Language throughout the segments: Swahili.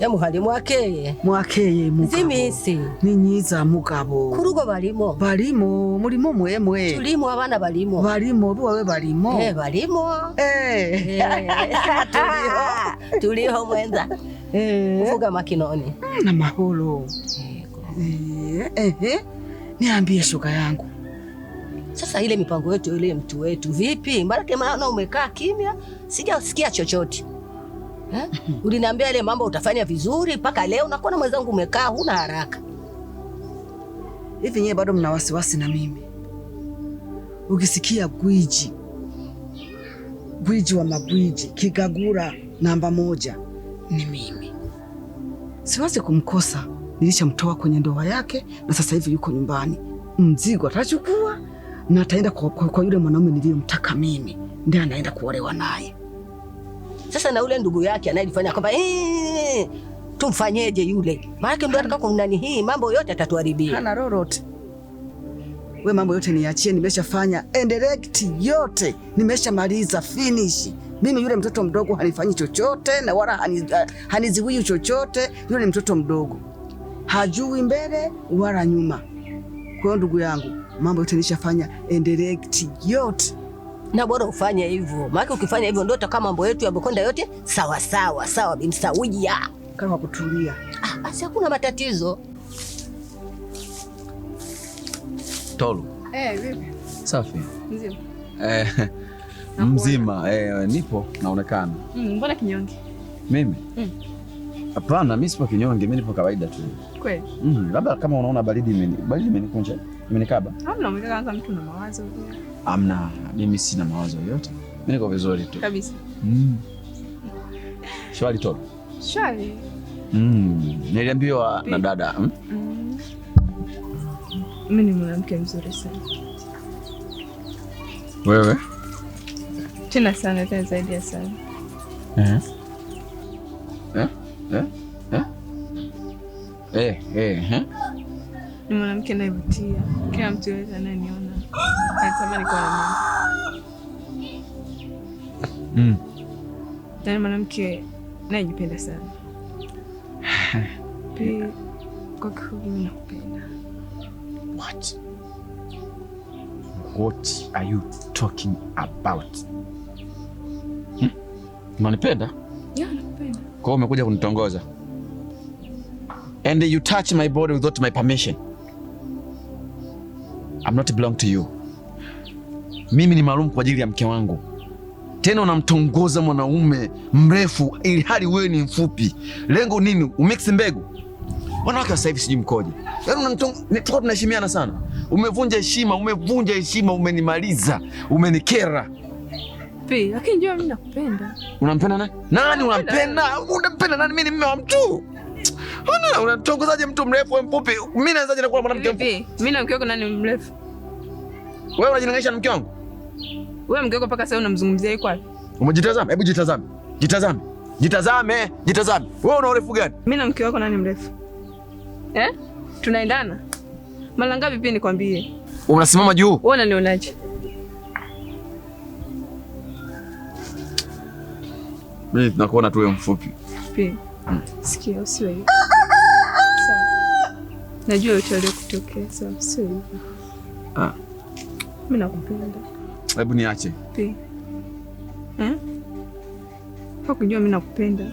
ya muhali mwakeye mwakeye ziminsi ninyiza mugabo kurugo balimo balimo mulimo mwemwe tulimo abana balimo balimo buwawe balimo eh balimo eh, eh. tuliho tuliho mwenza eh kufuga makinoni mm, na maholo eh eh, eh. eh. niambie shoka yangu sasa ile mipango yetu ile mtu wetu vipi mara kama umekaa kimya sijasikia chochote Eh? Uliniambia ile mambo utafanya vizuri, mpaka leo unakuwa na mwenzangu, umekaa huna haraka. Hivi nyewe bado mna wasiwasi na mimi? Ukisikia gwiji gwiji wa magwiji kigagura namba moja ni mimi. Siwezi kumkosa, nilishamtoa kwenye ndoa yake na sasa hivi yuko nyumbani. Mzigo atachukua na ataenda kwa, kwa, kwa yule mwanaume niliyomtaka mimi, ndiye anaenda kuolewa naye. Sasa na ule ndugu yake anayefanya kwamba tumfanyeje yule? Maana ndio ataka kumnani hii mambo yote atatuharibia. Hana lolote. We mambo yote niachie, nimeshafanya direct yote nimeshamaliza finish. Mimi yule mtoto mdogo hanifanyi chochote na wala haniz, chochote. Yule ni mtoto mdogo, hajui mbele wala nyuma. Kwa hiyo ndugu yangu, mambo yote nishafanya direct yote na bora ufanye hivyo, maana ukifanya hivyo ndio utakaa mambo yetu yamekwenda yote sawa sawa sawa. Bimsawia kama kutulia, ah, basi hakuna matatizo. Tolu. Eh, vipi? Safi. Mzima. Eh, mzima. Eh, nipo naonekana. Mm, mbona kinyonge? Mimi? Mm. Hapana, mimi sipo kinyonge, mimi nipo kawaida tu. Kweli? Mm, labda kama unaona baridi imeni baridi imenikunja, imenikaba. Hamna, mtu na mawazo. Amna, mimi sina mawazo yoyote, mimi niko vizuri tu kabisa. Mm. Shwari to shwari. Mm. Niliambiwa na dada mm? Mm. Mimi ni mwanamke mzuri sana. Wewe tena sana, tena zaidi ya sana. Eh? Eh? Eh? Eh? Eh, eh, eh. Ni mwanamke anayevutia kila mtu yote natamani kuwa na mm. Tena yaani mwanamke najipenda sana Kwa kifupi nakupenda. What? What are you talking about? Hmm? Unanipenda? Yeah, nakupenda. Kwa umekuja kunitongoza. And you touch my body without my permission. I'm not belong to you. Mimi ni maalum kwa ajili ya mke wangu. Tena unamtongoza mwanaume mrefu ili hali wewe ni mfupi. Lengo nini? Umix mbegu. Wanawake wa sasa hivi sijui mkoje. Yaani unamtongoza, tunaheshimiana sana. Umevunja heshima, umevunja heshima, umenimaliza, umenikera. Pi, lakini njoo mimi nakupenda. Unampenda nani? Nani unampenda? Unampenda nani? Mimi ni mume wa mtu. Mbona unatongozaje mtu mrefu au mfupi? Mimi naanzaje na kuwa mwanamke mfupi? Mimi na mke wangu nani mrefu? Wewe unajilinganisha na mke wangu? Wewe mke wako paka sasa unamzungumzia yuko wapi? Umejitazama, hebu jitazame. Jitazame. Jitazame, jitazame. Wewe una urefu gani? Mimi na mke wako nani mrefu? Eh? Tunaendana? Mara ngapi pia nikwambie? Unasimama juu. Wewe unanionaje? Mimi nakuona tu wewe mfupi. Pia. Sikia usiwe. Ah, ah. Najua utalia kutokea, sawa sio Ah. Mimi nakupenda. Hebu niache. Eh? Hakujua mimi nakupenda.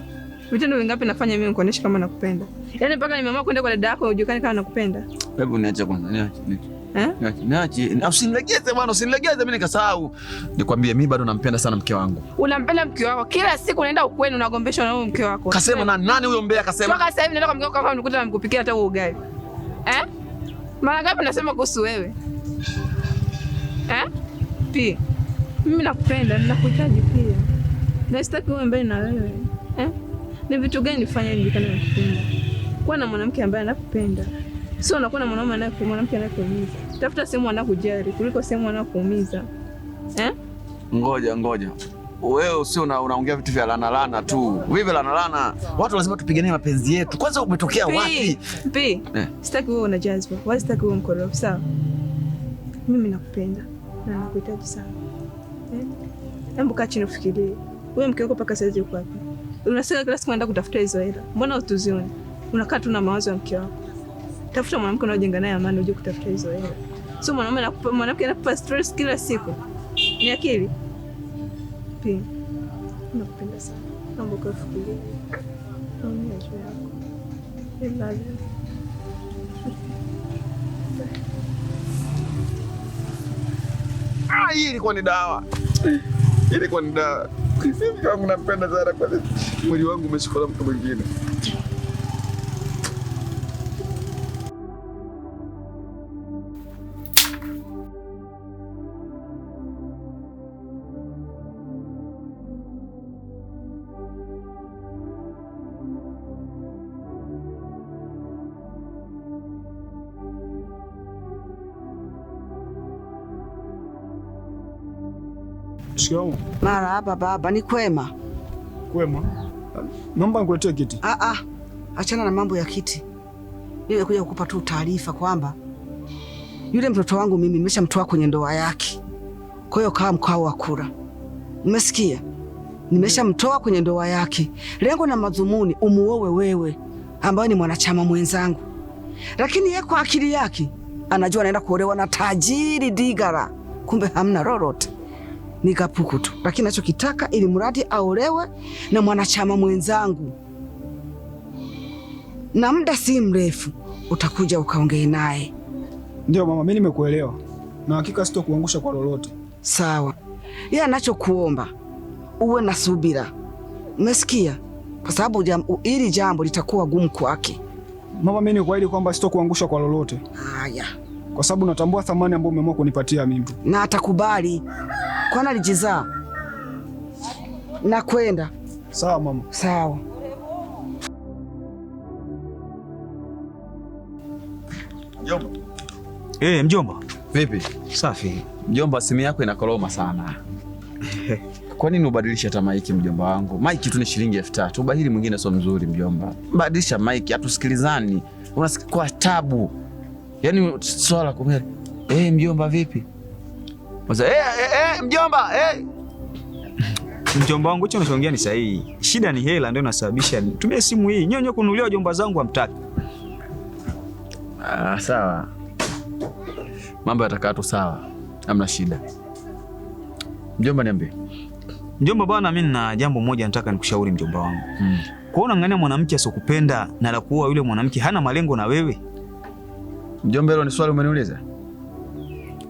Vitendo vingapi nafanya mimi nikuonesha kama nakupenda? Yaani mpaka nimeamua kwenda kwa dada yako ujulikane kama nakupenda. Hebu niache kwanza, niache. niache. Eh? Niache, niache. Usinilegeze bwana, usinilegeze mimi nikasahau. Nikwambie mimi bado nampenda sana mke wangu. Unampenda mke wako? Kila siku unaenda ukweni unagombeshwa na huyo mke wako. Kasema na nani huyo mbea kasema? Toka sasa hivi naenda kwa mke wako kama nikuta namkupikia hata ugali eh? Mara ngapi nasema kuhusu wewe eh? Pia mimi nakupenda, ninakuhitaji pia, sitaki uwe mbali na wewe eh? Ni vitu gani nifanye nikana nakupenda? Kuwa na mwanamke ambaye anakupenda, sio unakuwa na mwanaume anaye mwanamke anayekuumiza. Tafuta sehemu anakujali kuliko sehemu anakuumiza eh? Ngoja ngoja wewe usio unaongea vitu vya lana lana tu. Vipi lana lana? Watu lazima tupiganie mapenzi yetu. Kwanza umetokea wapi? Pi. Eh. Sitaki wewe una jazba. Wewe sitaki wewe mkorofi, sawa? Mimi nakupenda na nakuhitaji sana. Eh? Hebu kaa chini ufikirie. Wewe mke wako mpaka saizi yuko wapi? Unasema kila siku unaenda kutafuta hizo hela. Mbona utuzione? Unakaa tu na mawazo ya mke wako. Tafuta mwanamke unaojenga naye amani uje kutafuta hizo hela. Sio mwanaume anakupa mwanamke anakupa stress kila siku. Ni akili. Vipi? Nakupenda sana. Naomba ukafikirie. Naomba juu yako. Ebale. Ah, hii ilikuwa ni dawa. ilikuwa ni dawa. Sisi kama napenda sana kwa mwili wangu umeshikana mtu mwingine. shikamoo. Mara hapa baba, ni kwema. Kwema? Naomba nikuletee kiti. Ah ah. Achana na mambo ya kiti. Mimi nakuja kukupa tu taarifa kwamba yule mtoto wangu mimi nimeshamtoa kwenye ndoa yake. Kwa hiyo kaa mkao wa kura. Umesikia? Nimeshamtoa kwenye ndoa yake. Lengo na madhumuni umuowe wewe ambaye ni mwanachama mwenzangu. Lakini yeye kwa akili yake anajua anaenda kuolewa na tajiri Digara, kumbe hamna lolote ni kapuku tu, lakini nachokitaka ili mradi aolewe na mwanachama mwenzangu, na muda si mrefu utakuja ukaongee naye. Ndio mama, mi nimekuelewa na hakika sitokuangusha kwa lolote. Sawa, ye anachokuomba uwe na subira, umesikia? Kwa sababu jam, ili jambo litakuwa gumu kwake. Mama, mi nikuahidi kwamba sitokuangusha kwa lolote. Haya, kwa sababu natambua thamani ambayo umeamua kunipatia mimi, na atakubali. Kwana alijizaa na Sawa mama. Sawa. Mjomba. Hey, eh, mjomba. Vipi? Safi. Mjomba, simu yako inakoroma sana. Kwa nini ubadilisha hata maiki mjomba wangu? Maiki tu ni shilingi elfu tatu. Ubahili mwingine sio mzuri mjomba. Badilisha maiki, hatusikilizani. Unasikia kwa tabu. Yaani swala kumele. Eh, hey, mjomba vipi? Hey, hey, hey, mjomba hey. Eh. Mjomba wangu hicho unachoongea ni sahihi. Shida ni hela ndio inasababisha nitumie simu hii nyonyo kununulia wajomba zangu hamtaki. Ah, sawa, mambo yatakaa tu sawa, hamna shida. Mjomba niambie. Mjomba bwana, mimi na jambo moja nataka nikushauri mjomba wangu hmm. Kwa unang'ania mwanamke asokupenda na la kuoa yule mwanamke hana malengo na wewe. Mjomba, hilo ni swali umeniuliza?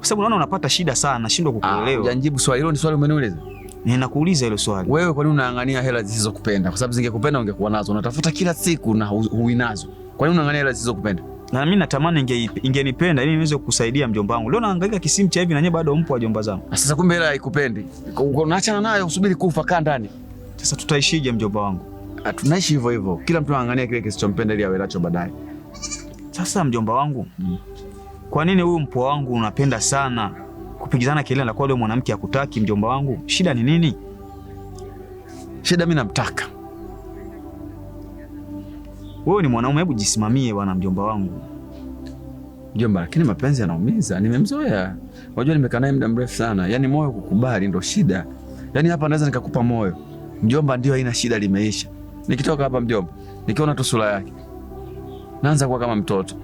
kwa sababu naona unapata shida sana, nashindwa ah, kukuelewa. Hujanijibu swali hilo, ni swali umeniuliza. Ninakuuliza hilo swali. Wewe kwa nini unaangania hela zisizokupenda? Kwa sababu zingekupenda ungekuwa nazo. Unatafuta kila siku na huwi nazo. Kwa nini unaangania hela zisizokupenda? Na mimi natamani ingenipenda ili niweze kukusaidia mjomba wangu. Leo naangalia kisimu cha hivi na nyewe bado mpo wa jomba zangu. Sasa kumbe hela haikupendi. Unaachana nayo usubiri kufa kaa ndani. Sasa tutaishije mjomba wangu? Ah, tunaishi hivyo hivyo. Kila mtu anaangalia kile kisichompenda ili awe nacho baadaye. Sasa mjomba wangu, hmm. Kwa nini huyu mpwa wangu unapenda sana kupigizana kelele na kwa yule mwanamke akutaki? Mjomba wangu, shida ni nini? Shida mimi namtaka wewe. Ni mwanaume, hebu jisimamie bwana. Mjomba wangu, mjomba, lakini mapenzi yanaumiza. Nimemzoea, unajua, nimekaa naye muda mrefu sana. Yaani moyo kukubali ndo shida. Yaani hapa naweza nikakupa moyo mjomba, ndio haina shida, limeisha. Nikitoka hapa mjomba, nikiona tu sura yake naanza kuwa kama mtoto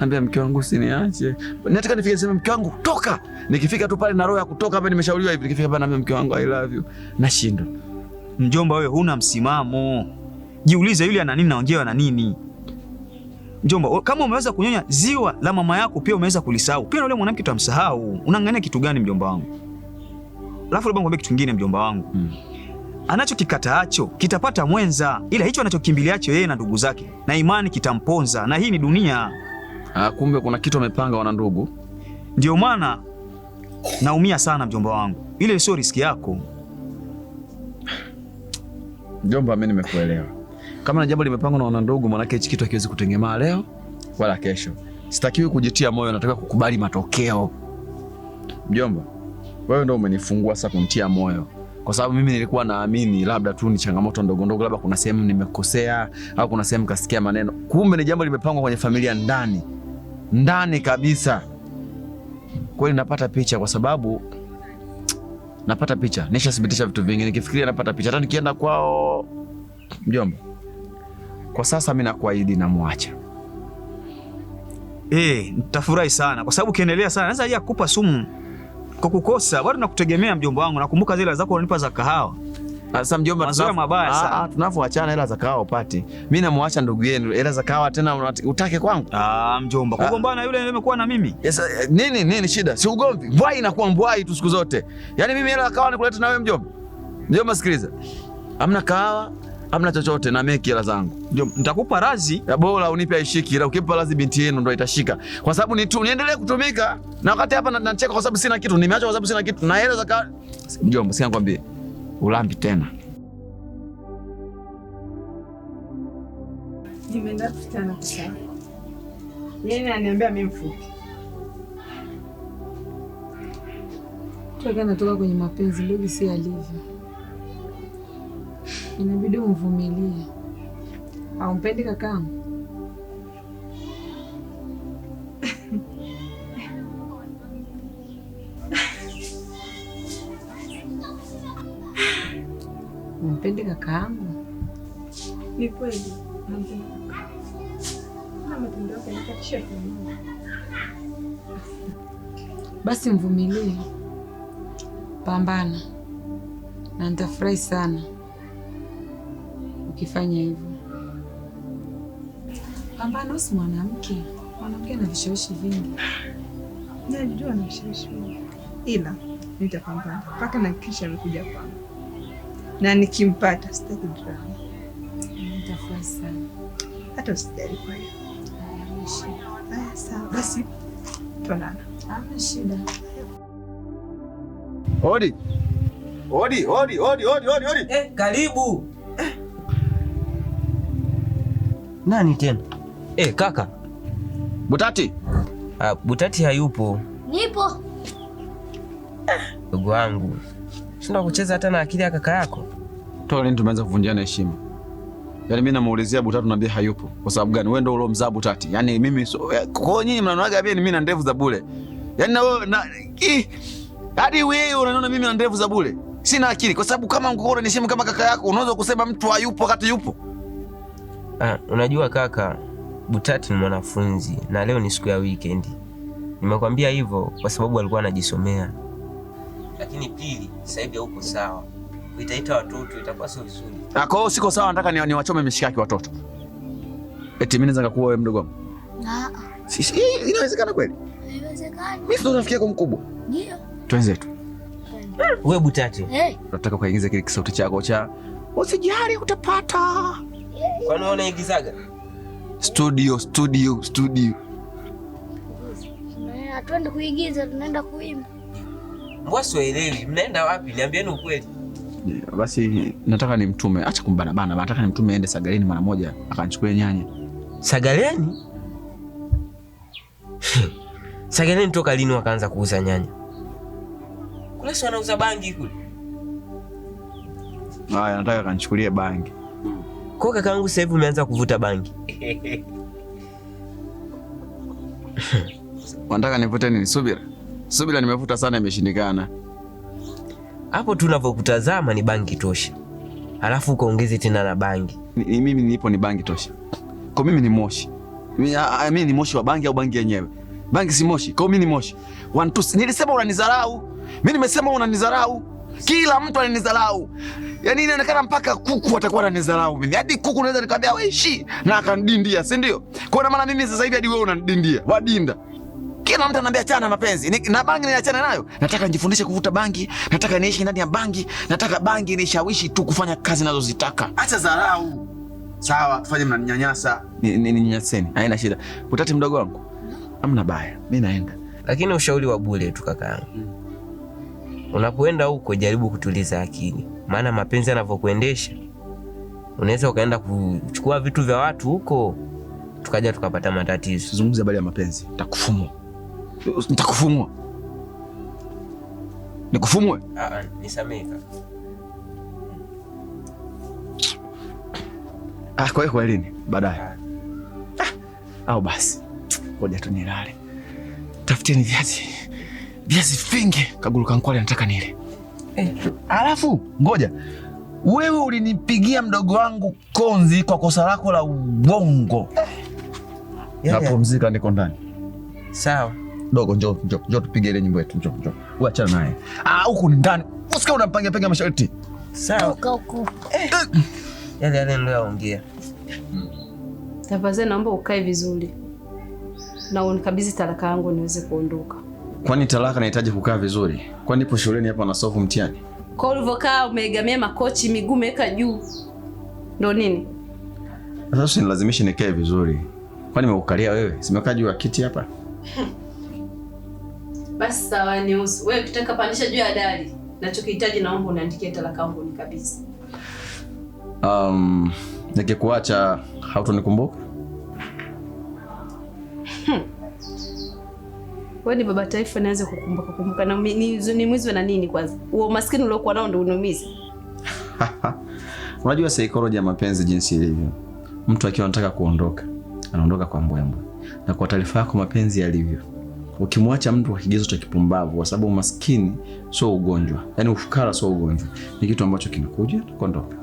Naambia mke wangu usiniache. Nataka nifike sema mke wangu toka. Nikifika tu pale na roho ya kutoka hapa nimeshauriwa hivi. Nikifika pale naambia mke wangu I love you. Nashindwa. Mjomba wewe huna msimamo. Jiulize yule ana nini naongea na nini? Mjomba, kama umeweza kunyonya ziwa la mama yako pia umeweza kulisahau. Pia yule mwanamke tutamsahau. Unaangalia kitu gani mjomba wangu? Alafu labda ngombe kitu kingine mjomba wangu. Hmm. Anachokikataacho kitapata mwenza, ila hicho anachokimbiliacho yeye na ndugu zake na imani kitamponza, na hii ni dunia. Ah, kumbe kuna kitu amepanga wana ndugu. Ndio maana naumia sana mjomba wangu, ile sio riski yako mjomba. Mimi nimekuelewa. Kama na jambo limepangwa na wana ndugu, maanake hichi kitu hakiwezi kutengemaa leo wala kesho. Sitakiwi kujitia moyo, nataka kukubali matokeo. Mjomba, wewe ndio umenifungua sasa kunitia moyo kwa sababu mimi nilikuwa naamini labda tu ni changamoto ndogo ndogo, labda kuna sehemu nimekosea au kuna sehemu kasikia maneno, kumbe ni jambo limepangwa kwenye familia ndani ndani kabisa. Kweli napata picha, kwa sababu napata picha, nishathibitisha vitu vingi, nikifikiria napata picha. Hata nikienda kwao, mjomba, kwa sasa mimi nakuahidi, namwacha eh, nitafurahi sana, kwa sababu ukiendelea sana naweza kukupa sumu kwa kukosa bado nakutegemea mjomba wangu. Nakumbuka zile zako unanipa za kahawa. Sasa mjomba, tunazo mabaya ah, sana. Tunapoachana hela za kahawa upati. Mimi namwacha ndugu yenu. Hela za kahawa tena utake kwangu? Ah, mjomba. Kwa gombana ah. yule nimekuwa na mimi. Yes, eh, nini nini shida? Si ugomvi. Mbwai inakuwa mbwai tu siku zote. Yaani mimi hela za kahawa nikuleta na wewe mjomba. Mjomba, sikiliza. Hamna kahawa, hamna chochote, na meki hela zangu, ndio nitakupa razi ya bora, unipe aishiki, ila ukipa razi binti yenu ndo itashika, kwa sababu ni tu niendelee kutumika, na wakati hapa nacheka kwa sababu sina kitu, nimeacha kwa sababu sina kitu, na hela za ka mjomba, sikia nikwambie, ulambi tena nimeenda kutana kwa sababu. yeye ananiambia mimi mfupi toka natoka kwenye mapenzi, ndugu si alivyo Inabidi umvumilie. Haumpendi kakaangu? Umpendi kakaangu? Ni kweli. Basi mvumilie, pambana na nitafurahi sana ukifanya hivyo. Pambano, si mwanamke. Mwanamke ana vishawishi vingi. Najua ana vishawishi vingi, ila nitapambana mpaka nahakikisha amekuja kwangu, na nikimpata sitaki drama. Nitafurahi sana hata usijali. Kwa hiyo haya, sawa basi, tuonana. Hamna shida. Odi, odi, odi, odi, odi, odi. Eh, karibu Nani tena? Eh, kaka Butati. Ah, Butati hayupo. Nipo. Ndugu wangu shinda kucheza hata na akili ya kaka yako. Toa lini tumeanza kuvunjiana heshima? Yaani mimi namuulizia Butati naambia hayupo. Kwa sababu gani? Wewe ndio ule mzaa Butati. Yaani mimi so, ya, eh, kwa nyinyi mnanoaga mimi na ndevu za bure. Yaani na wewe na hadi wewe unaniona mimi na ndevu za bure. Sina akili kwa sababu kama ungekuwa unanishimu kama kaka yako unaweza kusema mtu hayupo wakati yupo. yupo. Ah, unajua kaka, Butati ni mwanafunzi na leo ni siku ya weekend. Nimekwambia hivyo kwa sababu alikuwa anajisomea. Lakini pili, sasa hivi huko sawa, itaita watoto itakuwa sio vizuri. Na ah, kwa hiyo siko sawa, nataka niwachome mishikaki watoto. Eti mimi naweza kuwa wewe mdogo wangu? si, inawezekana kweli? Inawezekana. Mimi ndo rafiki yako mkubwa. Ndio. Tuanze tu. Wewe Butati, Eh. nataka kuingiza kile kisauti chako cha usijali utapata Kwani wewe unaigizaga? Studio, studio, studio. Eh, hatuendi kuigiza, tunaenda kuimba. Mbona sielewi? Mnaenda wapi? Niambieni ukweli. Eh, basi nataka nimtume, acha kumbana bana, nataka nimtume aende Sagaleni mara moja akanichukue nyanya. Sagaleni? Sagaleni toka lini wakaanza kuuza nyanya? Kule si wanauza bangi kule. Haya, nataka kanichukulie bangi. Hmm. Kwa kakaangu sasa hivi umeanza kuvuta bangi? Unataka nivute nini? Subira, subira, nimevuta sana, imeshindikana. Hapo tu unavyokutazama ni bangi tosha, alafu ukaongeze tena na bangi. Ni, mimi nilipo ni bangi tosha. Kwa mimi ni moshi mimi, I mean, ni moshi wa bangi au bangi yenyewe? Bangi si moshi, kwa mimi ni moshi. One two, nilisema unanizarau mimi, nimesema unanizarau kila mtu ananizalau. Yaani inaonekana mpaka kuku atakuwa ananizalau mimi. Hadi kuku naweza nikamwambia waishi na akanidindia, si ndio? Kwa maana mimi sasa hivi hadi wewe unanidindia. Wadinda. Kila mtu ananiambia achana mapenzi. Ni, na bangi niliachana nayo. Nataka nijifundishe kuvuta bangi, nataka niishi ndani ya bangi, nataka bangi nishawishi tu kufanya kazi nazozitaka. Acha zalau. Sawa, tufanye mnaninyanyasa. Ninyanyaseni, haina shida. Utati mdogo wangu. Hamna baya. Mimi naenda. Lakini ushauri wa bure tu kaka yangu. kakaangu. Mm. Unapoenda huko jaribu kutuliza akili, maana mapenzi yanavyokuendesha unaweza ukaenda kuchukua vitu vya watu huko, tukaja tukapata matatizo. Zungumza habari ya mapenzi, nitakufumua, nitakufumua, nikufumue. Ah, ah, nisamehe ah, kwa hiyo kwa lini baadaye ah. au basi, ngoja tu nilale, tafuteni viazi viazi vingi. Kaguru kankwali anataka nile. Eh, alafu ngoja wewe ulinipigia mdogo wangu konzi kwa kosa lako la uongo. eh. Yaani Napumzika, niko ndani. Sawa dogo, njo njo njo, tupige ile nyimbo yetu. njo njo, uachana naye ah, huku ni ndani, usikia unampanga panga masharti. Sawa yale yale niliyoongea. Tafadhali naomba ukae vizuri na unikabidhi talaka yangu niweze kuondoka. Kwani talaka nahitaji kukaa vizuri? Kwani nipo shuleni hapa na sofu mtihani? Kwa ulivyokaa umeegamia makochi, miguu umeweka juu, ndo nini sasa? Nilazimishe nikae vizuri? Kwani nimekukalia wewe? Simekaa juu ya kiti hapa basi sawa, ni usi wewe, ukitaka pandisha juu ya dari. Nachokihitaji naomba unaandikie talaka yangu ni kabisa. Um, nikikuacha hautonikumbuka? ni baba taifa naweza kukumbuka kumbuka na ni mwizi na nini kwanza? Huo umaskini uliokuwa nao ndio unumizi. Unajua saikolojia ya mapenzi jinsi ilivyo. Mtu akiwa anataka kuondoka, anaondoka kwa mbwembwe. Na kwa taarifa yako mapenzi yalivyo. Ukimwacha mtu kwa kigezo cha kipumbavu kwa sababu umaskini sio ugonjwa. Yaani ufukara sio ugonjwa. Ni kitu ambacho kinakuja kuondoka.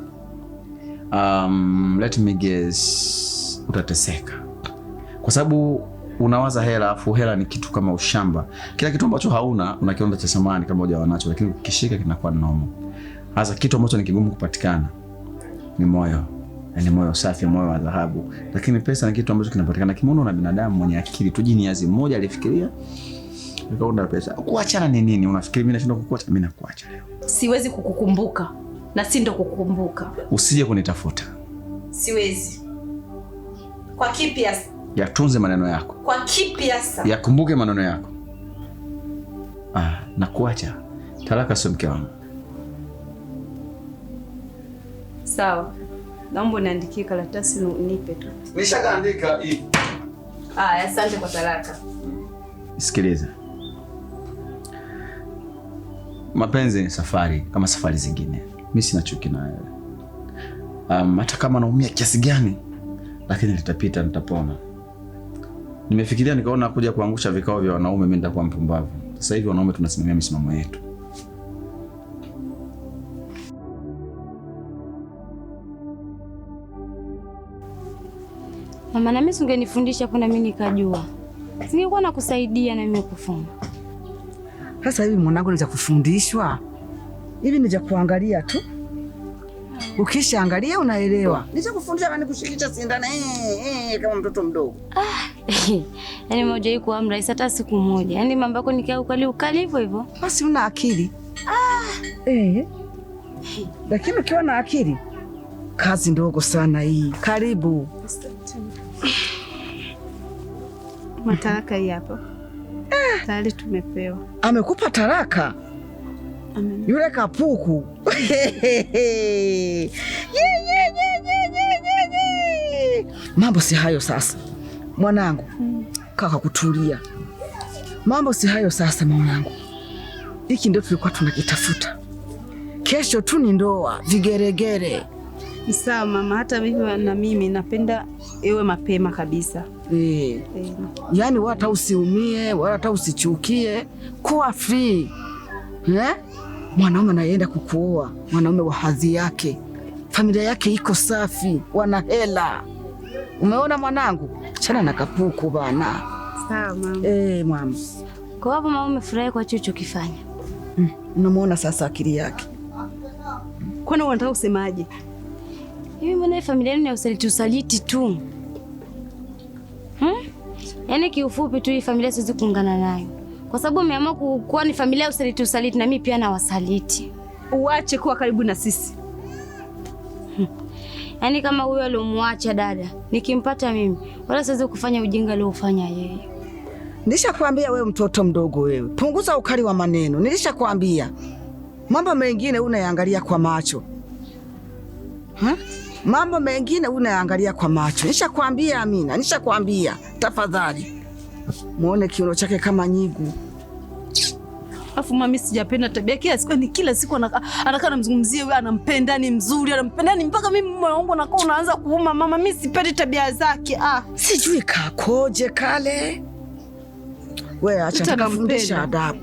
Um, let me guess utateseka. Kwa sababu unawaza hela, afu hela ni kitu kama ushamba. Kila kitu ambacho hauna unakiona cha samani kama hujawa nacho, lakini ukishika kinakuwa nomo. Hasa kitu ambacho ni kigumu kupatikana ni moyo, yani eh, moyo safi, moyo wa dhahabu. Lakini pesa ni kitu ambacho kinapatikana kimono na binadamu mwenye akili tu. Jiniazi mmoja alifikiria nikaunda pesa. Kuachana ni nini? Unafikiri mimi nashindwa kukuacha? Mimi nakuacha leo, siwezi kukukumbuka na si ndo kukumbuka. Usije kunitafuta, siwezi kwa kipi yatunze maneno yako kwa kipi hasa? Yakumbuke maneno yako. Ah, nakuacha. Talaka sio mke wangu. Sawa, naomba niandikie karatasi nipe tu. Nishakaandika hii. Ah, asante kwa talaka. Sikiliza, mapenzi ni safari kama safari zingine. Mimi sina chuki na wewe um, hata kama naumia kiasi gani, lakini litapita, nitapona. Nimefikiria nikaona kuja kuangusha vikao vya wanaume mimi nitakuwa mpumbavu. Sasa hivi wanaume tunasimamia misimamo yetu. Mama, na mimi hapo na mimi nikajua. Singekuwa nakusaidia na mimi kufunga. Sasa hivi mwanangu ni cha kufundishwa. Hivi ni kuangalia tu. Ukishaangalia unaelewa. Ni kufundisha na nikushikisha eh, eh, kama mtoto mdogo. Ah. Yaani mmoja kuwa mrahisi hata siku moja. Yaani mambo yako nikaa ukali ukali hivyo hivyo. Basi una akili. Ah, eh. Lakini ukiwa na akili kazi ndogo sana hii. Karibu. Mataraka hii hapo Ah, tayari tumepewa. Amekupa taraka. Amen. Yule kapuku. Mambo si hayo sasa. Mwanangu, mm. Kaka kutulia, mambo si hayo sasa. Mwanangu, hiki ndio tulikuwa tunakitafuta. Kesho tu ni ndoa, vigeregere. Sawa mama, hata mimi na mimi napenda iwe mapema kabisa e. E. Yaani wala hata usiumie wala hata usichukie, kuwa free e? Mwanaume anaenda kukuoa, mwanaume wa hadhi yake, familia yake iko safi, wana hela Umeona mwanangu, chana na kapuku bana. Sawa mama. Eh, mama. Kwa hapo mama umefurahi kwa chucho kifanya. Mm, unamuona sasa akili yake. Kwani unataka kusemaje? Hivi mbona familia yenu ni usaliti usaliti tu? Hmm? Yaani kiufupi tu hii familia siwezi kuungana nayo. Kwa sababu umeamua kuwa ni familia usaliti usaliti na mimi pia na wasaliti. Uache kuwa karibu na sisi. Yaani kama huyo alomwacha dada nikimpata mimi, wala siwezi kufanya ujinga aliofanya yeye. Nilishakwambia wewe mtoto mdogo wewe, punguza ukali wa maneno. Nilishakwambia mambo mengine unayaangalia kwa macho ha? Mambo mengine unayaangalia kwa macho. Nishakwambia Amina, nishakwambia. Tafadhali muone kiuno chake kama nyigu. Afu mami sijapenda tabia yake. Kila siku ni kila siku anakaa anamzungumzia wewe, anampenda ni mzuri, anampenda ni mpaka mimi moyo wangu unakaa unaanza kuuma mama. Mimi sipendi tabia zake. Ah, sijui kakoje kale. Wewe acha nitakafundisha adabu.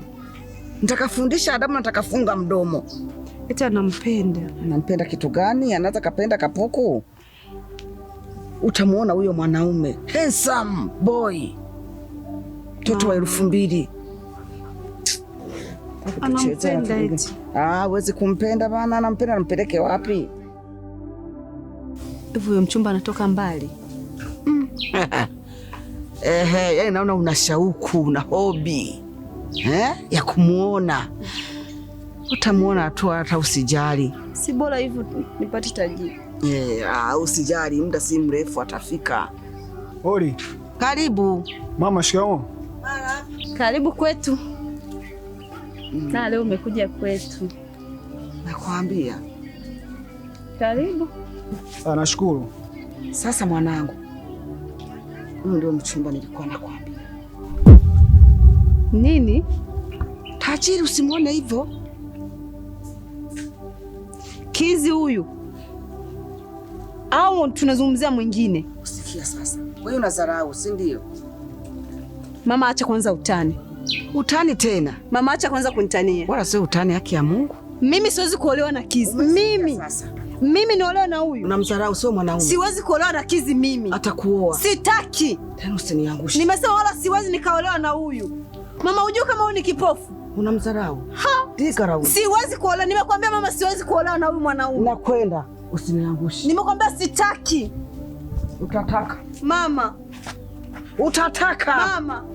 Nitakafundisha adabu na nitakafunga mdomo. Eti anampenda. Anampenda kitu gani? Anaweza kapenda kapuku? Utamuona huyo mwanaume handsome boy mtoto wa elfu mbili hawezi ah, kumpenda bana, anampenda nampeleke wapi? Hivi huyo mchumba anatoka mbali mm. Ehe, yani naona una shauku una hobi eh, ya kumuona. Utamuona tu hata usijali, si bora hivyo nipate tajiri yeah. Eh, usijali, muda si mrefu atafika. Ori, karibu mama. Shikamoo. Karibu kwetu mm. na leo umekuja kwetu, nakwambia karibu. Ah, nashukuru. Sasa mwanangu, huyu ndio mchumba nilikuwa nakwambia. Nini tajiri, usimwone hivyo kizi huyu, au tunazungumzia mwingine? Usikia sasa, wewe unadharau, si ndio? Mama, acha kwanza utani Utani tena mama, acha kwanza kunitania. Wala sio utani, haki ya Mungu. Mimi siwezi kuolewa na Kizi. Mimi mimi niolewe na huyu? Unamdharau, sio mwanaume. Siwezi kuolewa na Kizi mimi. Atakuoa. Sitaki. Tena usiniangushe. Nimesema wala siwezi nikaolewa na huyu. Mama, hujui kama huyu ni kipofu? Unamdharau. Siwezi kuolewa. Nimekwambia mama, siwezi kuolewa na huyu mwanaume. Nakwenda, usiniangushe. Nimekwambia sitaki. Utataka. Mama. Utataka. Mama.